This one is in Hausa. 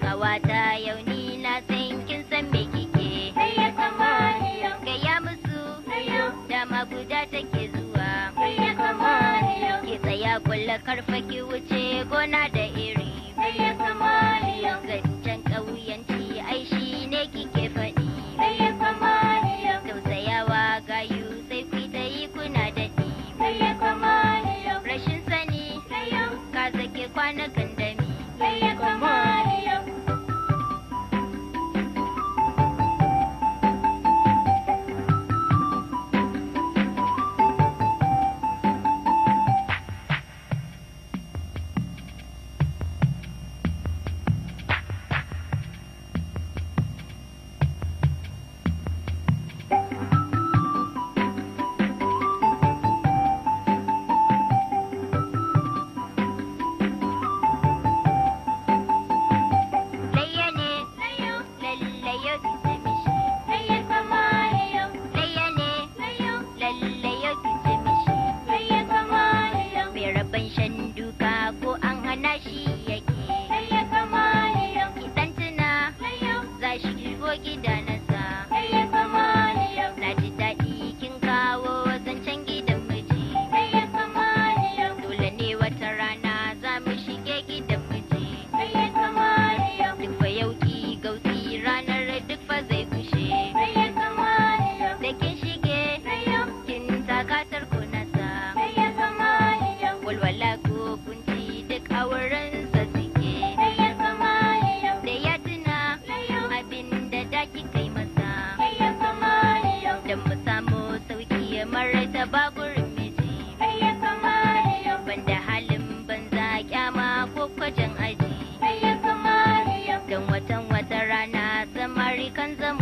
kawata yau ni na san kin san me kike gaya musu dama guda take zuwa ki tsaya kulla karfa ki wuce gona da iri There are not Americans, the